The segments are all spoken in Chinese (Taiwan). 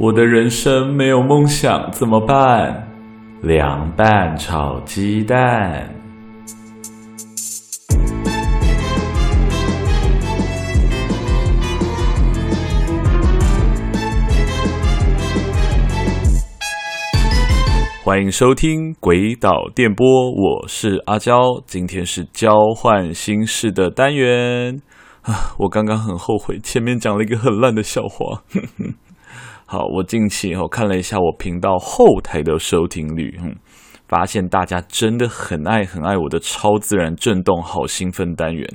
我的人生沒有夢想怎麼辦？涼拌炒雞蛋。歡迎收聽《詭島電波》，我是阿交，今天是交換心事的單元啊！我剛剛很後悔，前面講了一個很爛的笑話。呵呵好，我近期以、哦、後看了一下我頻道後台的收聽率，嗯，發現大家真的很愛很愛我的超自然震動好興奮單元，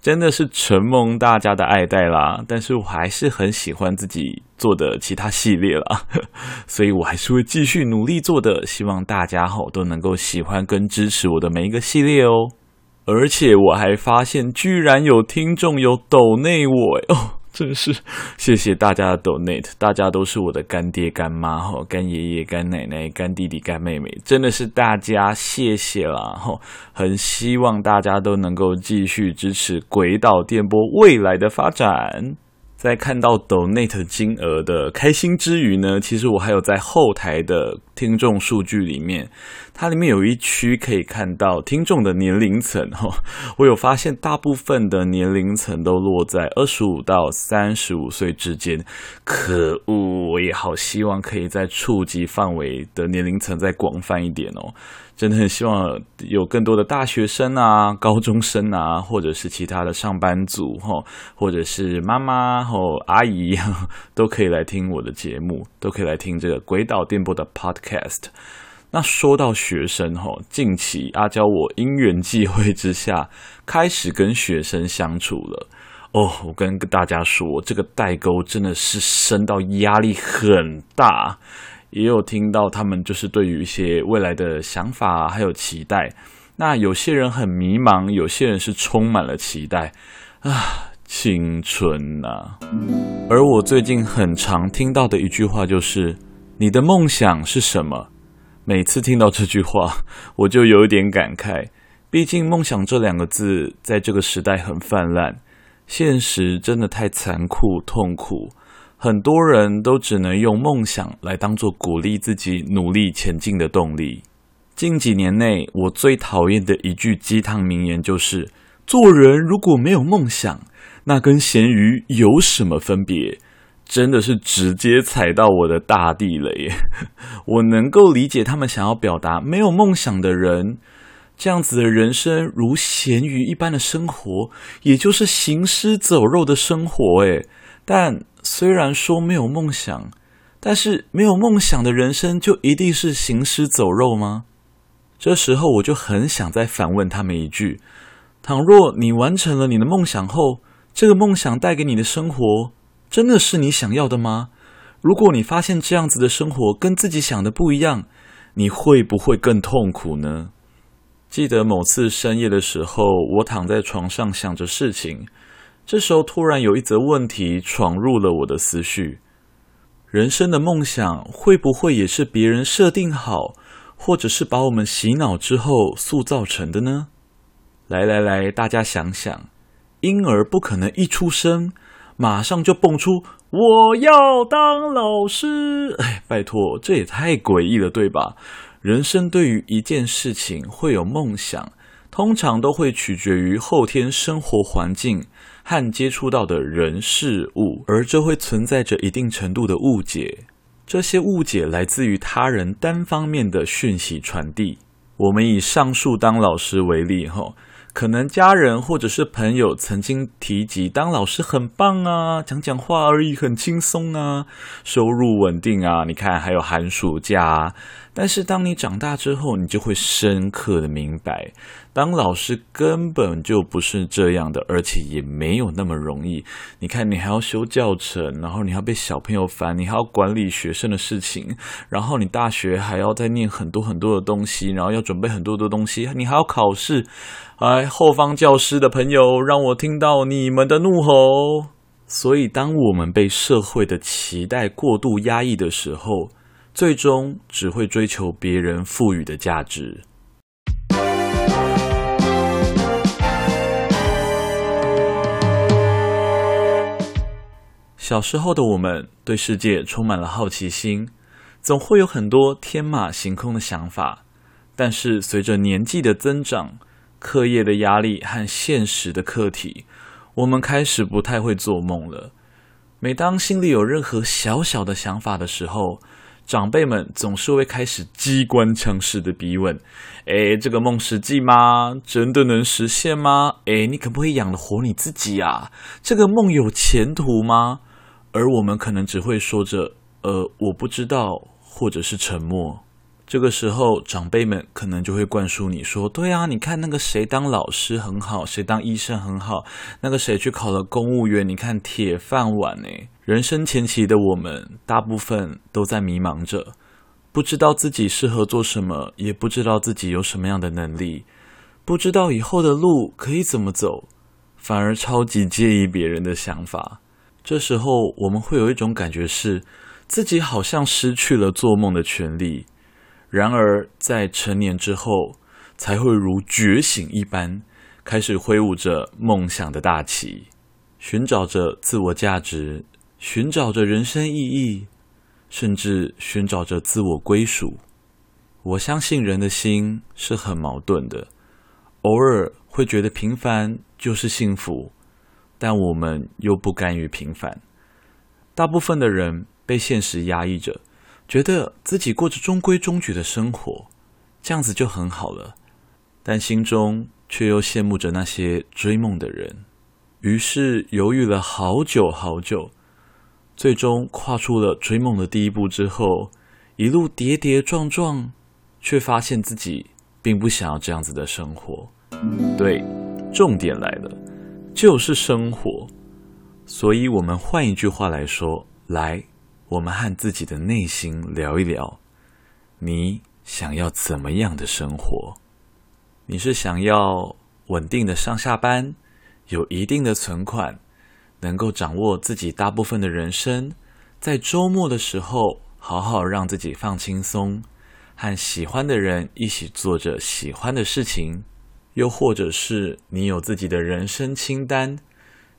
真的是承蒙大家的愛戴啦。但是我還是很喜歡自己做的其他系列啦，呵，所以我還是會繼續努力做的，希望大家、哦、都能夠喜歡跟支持我的每一個系列哦。而且我還發現，居然有聽眾有抖內我喲、欸。哦真是，謝謝大家的 donate，大家都是我的乾爹乾媽哈，乾爺爺乾奶奶，乾弟弟乾妹妹，真的是大家謝謝啦！哈，很希望大家都能夠繼續支持《詭島電波》未來的發展。在看到 donate 金額的開心之餘呢，其實我還有在後台的聽眾數據裡面，它裡面有一區可以看到聽眾的年齡層哦，我有發現大部分的年齡層都落在二十五到三十五歲之間，可惡，我也好希望可以在觸及範圍的年齡層再廣泛一點哦。真的很希望有更多的大學生啊、高中生啊，或者是其他的上班族或者是媽媽或阿姨都可以來聽我的節目，都可以來聽這個詭島電波的 podcast。那說到學生，近期阿嬌我因緣際會之下開始跟學生相處了哦，我跟大家說，這個代溝真的是深到壓力很大。也有聽到他們就是對於一些未來的想法啊，還有期待。那有些人很迷茫，有些人是充滿了期待啊，青春啊。而我最近很常聽到的一句話就是：“你的夢想是什麼？”每次聽到這句話，我就有點感慨。畢竟“夢想”這兩個字在這個時代很泛濫，現實真的太殘酷、痛苦。很多人都只能用夢想來當做鼓勵自己努力前進的動力。近幾年內，我最討厭的一句雞湯名言就是：“做人如果沒有夢想，那跟鹹魚有什麼分別？”真的是直接踩到我的大地雷。我能夠理解他們想要表達沒有夢想的人，這樣子的人生如鹹魚一般的生活，也就是行屍走肉的生活。誒，但。雖然說沒有夢想，但是沒有夢想的人生就一定是行屍走肉嗎？這時候我就很想再反問他們一句：倘若你完成了你的夢想後，這個夢想帶給你的生活真的是你想要的嗎？如果你發現這樣子的生活跟自己想的不一樣，你會不會更痛苦呢？記得某次深夜的時候，我躺在床上想着事情。這時候，突然有一則問題闖入了我的思緒：人生的夢想會不會也是別人設定好，或者是把我們洗腦之後塑造成的呢？來來來，大家想想，嬰兒不可能一出生馬上就蹦出“我要當老師”。哎，拜託，這也太詭異了，對吧？人生對於一件事情會有夢想，通常都會取決於後天生活環境。和接觸到的人事物，而這會存在着一定程度的誤解。這些誤解來自於他人單方面的訊息傳遞。我們以上述當老師為例，可能家人或者是朋友曾經提及當老師很棒啊，講講話而已，很輕鬆啊，收入穩定啊，你看還有寒暑假啊。但是，當你長大之後，你就會深刻的明白，當老師根本就不是這樣的，而且也沒有那麼容易。你看，你還要修教程，然後你還要被小朋友煩，你還要管理學生的事情，然後你大學還要再念很多很多的東西，然後要準備很多的東西，你還要考試。哎，後方教師的朋友，讓我聽到你們的怒吼。所以，當我們被社會的期待過度壓抑的時候，最終只會追求別人賦予的價值。小時候的我們對世界充滿了好奇心，總會有很多天馬行空的想法。但是隨着年紀的增長，課業的壓力和現實的課題，我們開始不太會做夢了。每當心裡有任何小小的想法的時候，長輩們總是會開始機關槍式的逼問：“哎，這個夢實際嗎？真的能實現嗎？哎，你可不可以養得活你自己啊？這個夢有前途嗎？”而我們可能只會說着“呃，我不知道”或者是沉默。這個時候，長輩們可能就會灌輸你說：“對啊，你看那個誰當老師很好，誰當醫生很好，那個誰去考了公務員，你看鐵飯碗呢、欸。”人生前期的我們，大部分都在迷茫着，不知道自己適合做什麼，也不知道自己有什麼樣的能力，不知道以後的路可以怎麼走，反而超級介意別人的想法。這時候，我們會有一種感覺是，自己好像失去了做夢的權利。然而，在成年之後，才會如覺醒一般，開始揮舞着夢想的大旗，尋找着自我價值。尋找着人生意義，甚至尋找着自我歸屬。我相信人的心是很矛盾的，偶爾會覺得平凡就是幸福，但我們又不甘於平凡。大部分的人被現實壓抑着，覺得自己過着中規中矩的生活，這樣子就很好了。但心中卻又羨慕着那些追夢的人，於是猶豫了好久好久。最終跨出了追夢的第一步之後，一路跌跌撞撞，却發現自己並不想要這樣子的生活。對，重點來了，就是生活。所以，我們換一句話來說，來，我們和自己的內心聊一聊，你想要怎麼樣的生活？你是想要穩定的上下班，有一定的存款，能夠掌握自己大部分的人生，在周末的時候，好好讓自己放輕鬆，和喜歡的人一起做着喜歡的事情，又或者是你有自己的人生清單，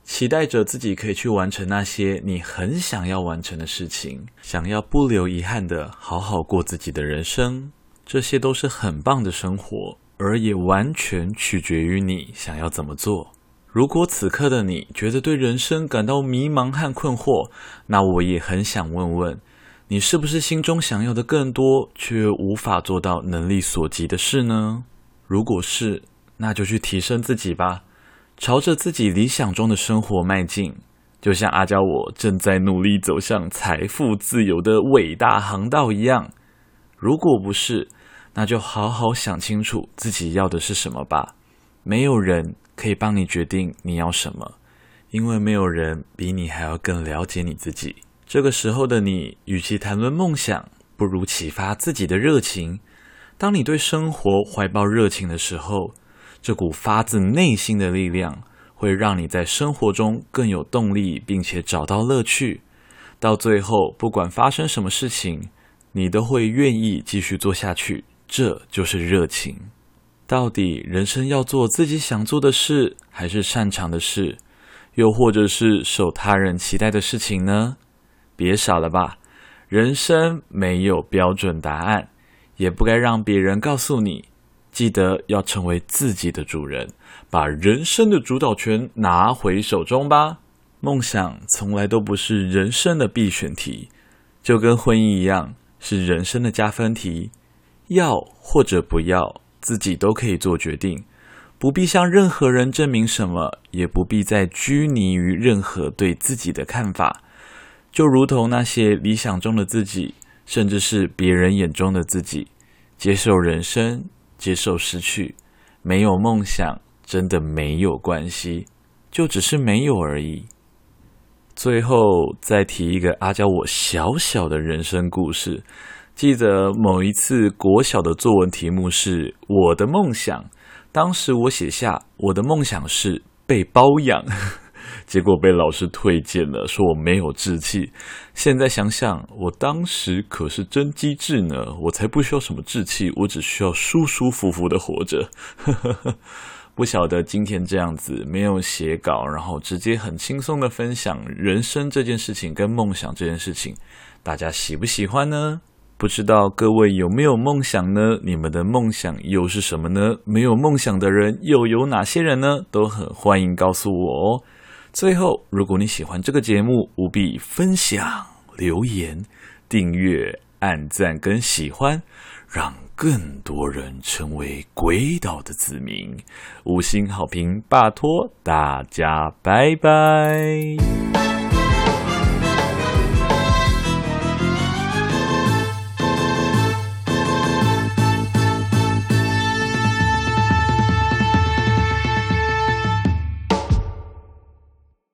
期待着自己可以去完成那些你很想要完成的事情，想要不留遺憾的好好過自己的人生，這些都是很棒的生活，而也完全取決於你想要怎麼做。如果此刻的你覺得對人生感到迷茫和困惑，那我也很想問問，你是不是心中想要的更多，卻無法做到能力所及的事呢？如果是，那就去提升自己吧，朝着自己理想中的生活邁進，就像阿交我正在努力走向財富自由的偉大航道一樣。如果不是，那就好好想清楚自己要的是什麼吧。沒有人可以幫你決定你要什麼，因為沒有人比你還要更了解你自己。這個時候的你，與其談論夢想，不如啟發自己的熱情。當你對生活懷抱熱情的時候，這股發自內心的力量會讓你在生活中更有動力，並且找到樂趣。到最後，不管發生什麼事情，你都會願意繼續做下去，這就是熱情。到底人生要做自己想做的事，還是擅長的事，又或者是受他人期待的事情呢？別傻了吧，人生沒有標準答案，也不該讓別人告訴你。記得要成為自己的主人，把人生的主導權拿回手中吧。夢想從來都不是人生的必選題，就跟婚姻一樣，是人生的加分題，要或者不要。自己都可以做決定，不必向任何人證明什麼，也不必再拘泥於任何對自己的看法。就如同那些理想中的自己，甚至是別人眼中的自己，接受人生，接受失去，沒有夢想真的沒有關係，就只是沒有而已。最後再提一個阿交我小小的人生故事。記得某一次國小的作文題目是“我的夢想”，當時我寫下我的夢想是被包養， 結果被老師退件了，說我沒有志氣。現在想想，我當時可是真機智呢！我才不需要什麼志氣，我只需要舒舒服服的活着。 不曉得今天這樣子沒有寫稿，然後直接很輕鬆的分享人生這件事情跟夢想這件事情，大家喜不喜歡呢？不知道各位有沒有夢想呢？你們的夢想又是什麼呢？沒有夢想的人又有哪些人呢？都很歡迎告訴我哦。最後，如果你喜歡這個節目，務必分享、留言、訂閱、按讚跟喜歡，讓更多人成為鬼島的子民。五星好評，拜托大家，拜拜。